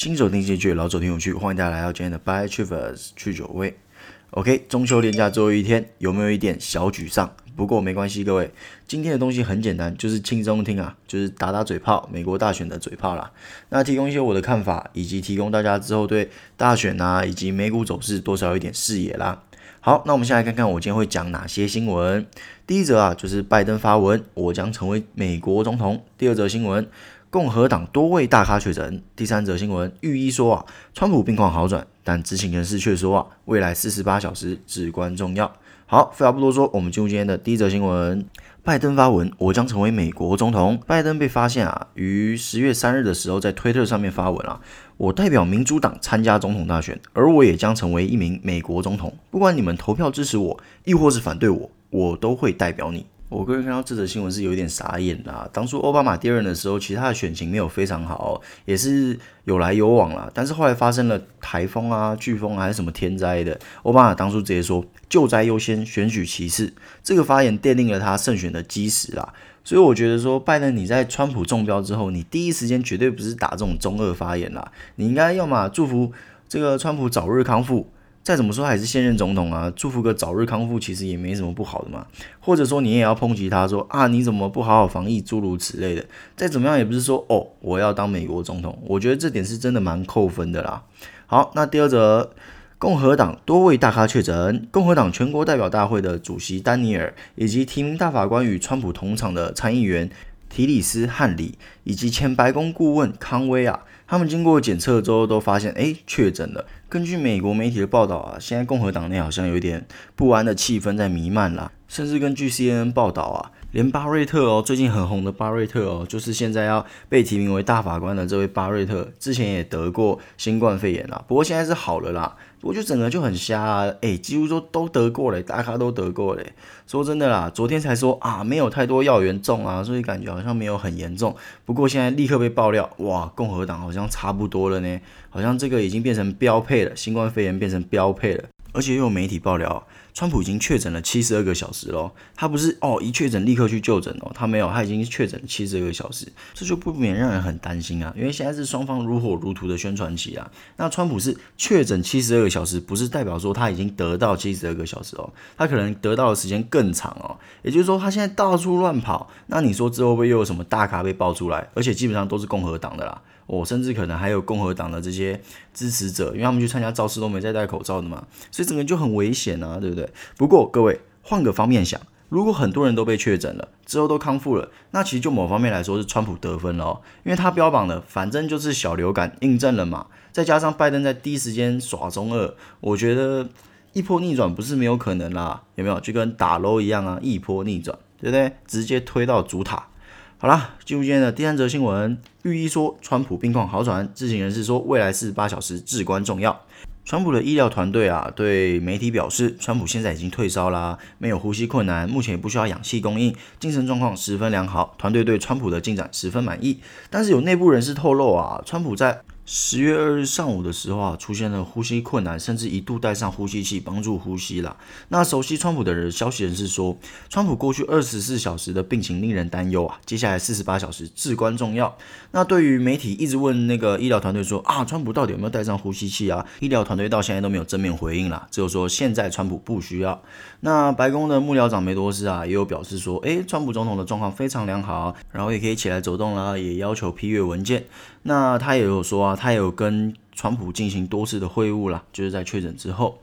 新手聽進去，老手聽有趣，歡迎大家來到今天的 By Travers 去酒位。OK，中秋連假最後一天，有沒有一點小沮喪？不過沒關係，各位，今天的東西很簡單，就是輕鬆聽啊，就是打打嘴炮，美國大選的嘴炮啦。那提供一些我的看法，以及提供大家之後對大選啊，以及美股走勢多少有一點視野啦。好，那我們先來看看我今天會講哪些新聞。第一則啊，就是拜登發文，我將成為美國總統。第二則新聞。共和黨多位大咖確診。第三則新聞，御醫說啊，川普病況好轉，但知情人士卻說啊，未來四十八小時至關重要。好，廢話不多說，我們進入今天的第一則新聞。拜登發文，我將成為美國總統。拜登被發現啊，於十月三日的時候在推特上面發文啊，我代表民主黨參加總統大選，而我也將成為一名美國總統。不管你們投票支持我，亦或是反對我，我都會代表你。我個人看到這則新聞是有點傻眼啦。當初奧巴馬第二任的時候，其實他的選情沒有非常好，也是有來有往啦。但是後來發生了颱風啊、颶風啊、還是什麼天災的，奧巴馬當初直接說救災優先，選舉其次，這個發言奠定了他勝選的基石啦。所以我覺得說，拜登你在川普中標之後，你第一時間絕對不是打這種中二發言啦，你應該要麼祝福這個川普早日康復。再怎麼說還是現任總統啊，祝福個早日康復，其實也沒什麼不好的嘛。或者說你也要抨擊他說啊，你怎麼不好好防疫，諸如此類的。再怎麼樣也不是說哦，我要當美國總統。我覺得這點是真的蠻扣分的啦。好，那第二則，共和黨多位大咖確診，共和黨全國代表大會的主席丹尼爾，以及提名大法官與川普同場的參議員提里斯·漢里，以及前白宮顧問康威啊。他們經過檢測之後，都發現，哎，確診了。根據美國媒體的報道啊，現在共和黨內好像有點不安的氣氛在彌漫啦啊，甚至根據 CNN 報道啊。連巴瑞特哦，最近很紅的巴瑞特哦，就是現在要被提名為大法官的這位巴瑞特，之前也得過新冠肺炎啦，不過現在是好了啦。我就整個就很瞎啦，哎、欸，幾乎說都得過嘞、欸，大咖都得過嘞、欸。說真的啦，昨天才說啊，沒有太多要員中啊，所以感覺好像沒有很嚴重。不過現在立刻被爆料，哇，共和黨好像差不多了呢，好像這個已經變成標配了，新冠肺炎變成標配了，而且又有媒體爆料。川普已經確診了七十二個小時咯，他不是哦，一確診立刻去就診哦，他沒有，他已經確診七十二個小時，這就不免讓人很擔心啊，因為現在是雙方如火如荼的宣傳期啊。那川普是確診七十二個小時，不是代表說他已經得到七十二個小時哦，他可能得到的時間更長哦，也就是說他現在到處亂跑，那你說之後會又有什麼大咖被爆出來？而且基本上都是共和黨的啦，哦，甚至可能還有共和黨的這些支持者，因為他們去參加造勢都沒再戴口罩的嘛，所以整個就很危險啊，對不對？不過各位換個方面想，如果很多人都被確診了之後都康復了，那其實就某方面來說是川普得分了哦，因為他標榜了反正就是小流感，印證了嘛。再加上拜登在第一時間耍中二，我覺得一波逆轉不是沒有可能啦，有沒有？就跟打樓一樣啊，一波逆轉，對不對？直接推到主塔。好啦，進入今天的第三則新聞，御醫說川普病況好轉，知情人士說未來四十八小時至關重要。川普的醫療團隊啊，對媒體表示，川普現在已經退燒啦，沒有呼吸困難，目前也不需要氧氣供應，精神狀況十分良好，團隊對川普的進展十分滿意。但是有內部人士透露啊，川普在。十月二日上午的時候啊，出現了呼吸困難，甚至一度戴上呼吸器幫助呼吸啦。那熟悉川普的人，消息人士說，川普過去二十四小時的病情令人擔憂啊，接下來四十八小時至關重要。那對於媒體一直問那個醫療團隊說啊，川普到底有沒有帶上呼吸器啊？醫療團隊到現在都沒有正面回應啦，只有說現在川普不需要。那白宮的幕僚長梅多斯啊，也有表示說，誒，川普總統的狀況非常良好，然後也可以起來走動啦，也要求批閱文件。那他也有說啊，他有跟川普進行多次的會晤啦，就是在確診之後。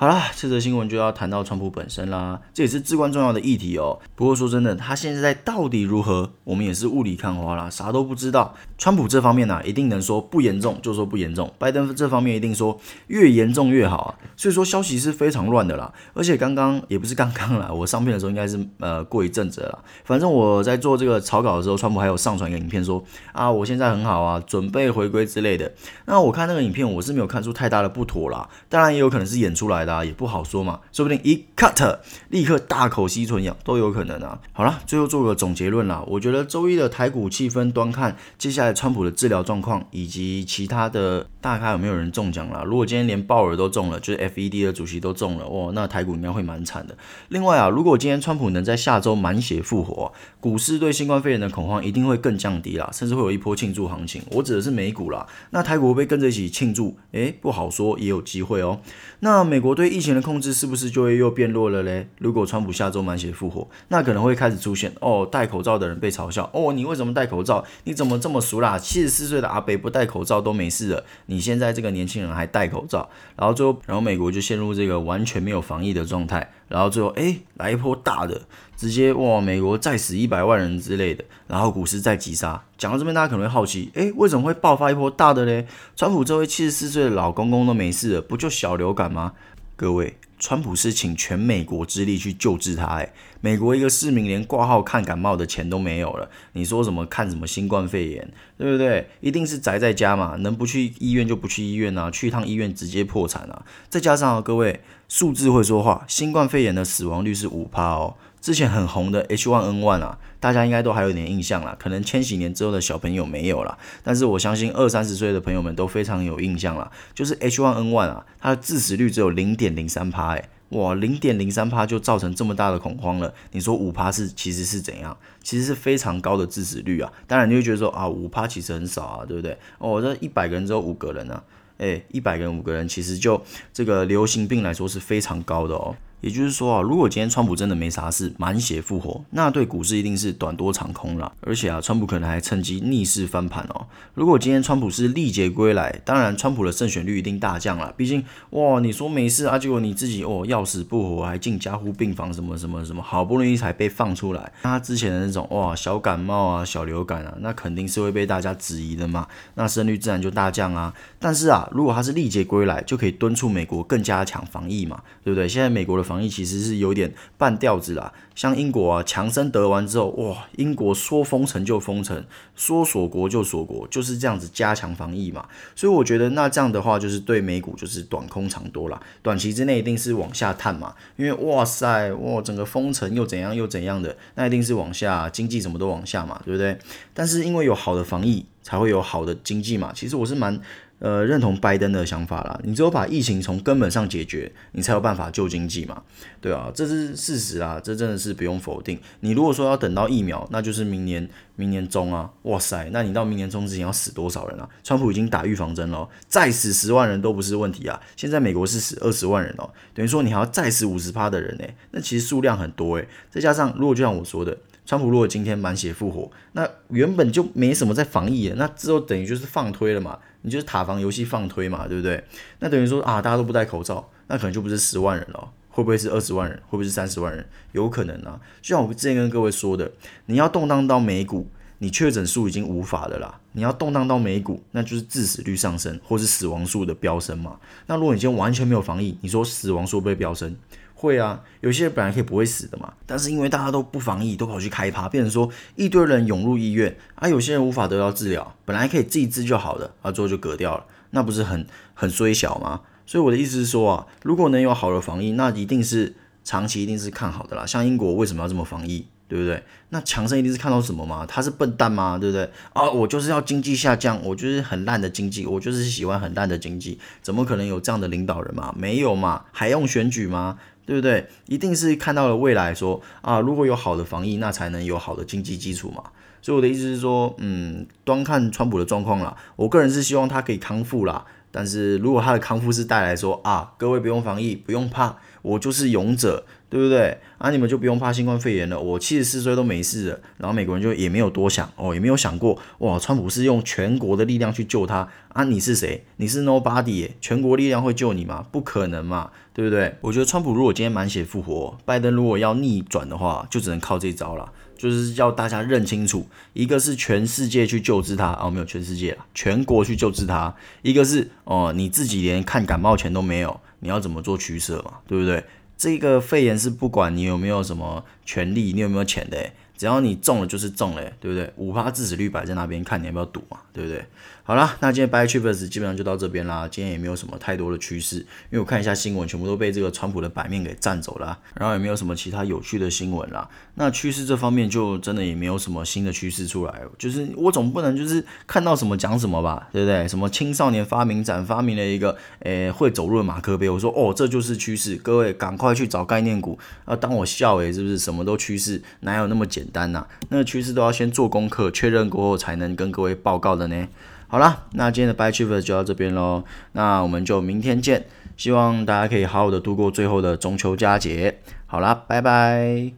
好啦，這則新聞就要談到川普本身啦，這也是至關重要的議題哦。不過說真的，他現在到底如何，我們也是霧裡看花啦，啥都不知道。川普這方面呢、啊，一定能說不嚴重就說不嚴重；拜登這方面一定說越嚴重越好啊。所以說消息是非常亂的啦。而且剛剛也不是剛剛啦，我上片的時候應該是呃過一陣子了啦。反正我在做這個草稿的時候，川普還有上傳一個影片說，說啊我現在很好啊，準備回歸之類的。那我看那個影片，我是沒有看出太大的不妥啦。當然也有可能是演出來的。也不好說嘛，說不定一 cut，立刻大口吸純氧都有可能啊。好了，最後做個總結論啦，我覺得周一的台股氣氛，端看接下來川普的治療狀況，以及其他的大咖有沒有人中獎啦？如果今天連鮑爾都中了，就是 FED 的主席都中了，哦，那台股應該會蠻慘的。另外啊，如果今天川普能在下周滿血復活，股市對新冠肺炎的恐慌一定會更降低啦，甚至會有一波慶祝行情。我指的是美股啦，那台股會被跟着一起慶祝？誒、欸，不好說，也有機會哦。那美國對疫情的控制是不是就會又變弱了嘞？如果川普下周滿血復活，那可能會開始出現哦，戴口罩的人被嘲笑哦，你為什麼戴口罩？你怎麼這麼俗辣？七十四歲的阿北不戴口罩都沒事了，你現在這個年輕人還戴口罩，然後最後，然後美國就陷入這個完全沒有防疫的狀態，然後最後，哎，來一波大的，直接哇，美國再死一百萬人之類的，然後股市再急殺。講到這邊，大家可能會好奇，哎，為什麼會爆發一波大的嘞？川普這位七十四歲的老公公都沒事了，不就小流感嗎？各位，川普是請全美國之力去救治他，欸，美國一個市民連掛號看感冒的錢都沒有了，你說什麼看什麼新冠肺炎，對不對？一定是宅在家嘛，能不去醫院就不去醫院吶、啊，去一趟醫院直接破產啊！再加上啊，各位，數字會說話，新冠肺炎的死亡率是五趴哦。之前很紅的 H1N1 啊，大家應該都還有點印象啦。可能千禧年之後的小朋友沒有了，但是我相信二三十歲的朋友們都非常有印象了。就是 H1N1 啊，它的致死率只有零點零三趴。哎、欸，哇，零點零三趴就造成這麼大的恐慌了。你說五趴是其實是怎樣？其實是非常高的致死率啊。當然你會覺得說啊，五趴其實很少啊，對不對？哦，我這一百個人只有五個人啊，哎、欸，一百個人五個人其實就這個流行病來說是非常高的哦。也就是說啊，如果今天川普真的沒啥事，滿血復活，那對股市一定是短多長空了啊。而且啊，川普可能還趁機逆勢翻盤哦。如果今天川普是歷劫歸來，當然川普的勝選率一定大降了。畢竟哇，你說沒事啊，結果你自己哦要死不活，還進加護病房什麼什麼什麼，好不容易才被放出來，那他之前的那種哇小感冒啊、小流感啊，那肯定是會被大家質疑的嘛。那勝率自然就大降啊。但是啊，如果他是歷劫歸來，就可以敦促美國更加強防疫嘛，對不對？現在美國的。防疫其實是有點半吊子啦，像英國啊，強生得完之後，哇，英國說封城就封城，說鎖國就鎖國，就是這樣子加強防疫嘛。所以我覺得那這樣的話，就是對美股就是短空長多啦，短期之內一定是往下探嘛，因為哇塞，哇，整個封城又怎樣又怎樣的，那一定是往下，經濟什麼都往下嘛，對不對？但是因為有好的防疫，才會有好的經濟嘛。其實我是蠻呃，認同拜登的想法啦。你只有把疫情從根本上解決，你才有辦法救經濟嘛。對啊，這是事實啊，這真的是不用否定。你如果說要等到疫苗，那就是明年，明年中啊，哇塞，那你到明年中之前要死多少人啊？川普已經打預防針囉，再死十萬人都不是問題啊。現在美國是死二十萬人哦，等於說你還要再死五十趴的人呢、欸。那其實數量很多哎、欸。再加上如果就像我說的。川普如果今天滿血復活，那原本就沒什麼在防疫。那之後等於就是放推了嘛？你就是塔防遊戲放推嘛，對不對？那等於說啊，大家都不戴口罩，那可能就不是十萬人了，會不會是二十萬人？會不會是三十萬人？有可能啊。就像我之前跟各位說的，你要動盪到美股，你確診數已經無法了啦。你要動盪到美股，那就是致死率上升或是死亡數的飆升嘛。那如果你今天完全沒有防疫，你說死亡數不會飆升？會啊，有些人本來可以不會死的嘛，但是因為大家都不防疫，都跑去開趴，變成說一堆人湧入醫院啊，有些人無法得到治療，本來可以自己治就好了啊，最後就嗝掉了，那不是很很衰小嗎？所以我的意思是說啊，如果能有好的防疫，那一定是長期一定是看好的啦。像英國為什麼要這麼防疫？對不對？那強森一定是看到什麼嘛？他是笨蛋嗎？對不對？啊，我就是要經濟下降，我就是很爛的經濟，我就是喜歡很爛的經濟，怎麼可能有這樣的領導人嘛？沒有嘛？還用選舉嗎？對不對？一定是看到了未來，來說，說啊，如果有好的防疫，那才能有好的經濟基礎嘛。所以我的意思是說，嗯，端看川普的狀況啦。我個人是希望他可以康復啦。但是如果他的康復是帶來說啊，各位不用防疫，不用怕。我就是勇者，對不對？啊，你們就不用怕新冠肺炎了。我七十四歲都沒事了。然後美國人就也沒有多想，哦，也沒有想過，哇，川普是用全國的力量去救他。啊，你是誰？你是 nobody，欸，全國力量會救你嗎？不可能嘛，對不對？我覺得川普如果今天滿血復活，拜登如果要逆轉的話，就只能靠這招了，就是要大家認清楚，一個是全世界去救治他，啊，哦，沒有全世界了，全國去救治他；一個是哦，呃，你自己連看感冒錢都沒有。你要怎麼做取捨嘛？對不對？這個肺炎是不管你有沒有什麼權利，你有沒有錢的、欸，只要你中了就是中了、欸，對不對？五趴致死率擺在那邊，看你要不要賭嘛？對不對？好啦，那今天 by chips e 基本上就到這邊啦。今天也沒有什麼太多的趨勢，因為我看一下新聞，全部都被這個川普的版面給占走了啊。然後也沒有什麼其他有趣的新聞啦。那趨勢這方面就真的也沒有什麼新的趨勢出來，就是我總不能就是看到什麼講什麼吧，對不對？什麼青少年發明展發明了一個誒、會走路的馬克杯，我說哦，這就是趨勢，各位趕快去找概念股啊！當我笑誒，是不是什麼都趨勢？哪有那麼簡單吶？那趨勢都要先做功課確認過後才能跟各位報告的呢。好啦，那今天的 bye trip 就到這邊嘍，那我們就明天見，希望大家可以好好的度過最後的中秋佳節。好啦，拜拜。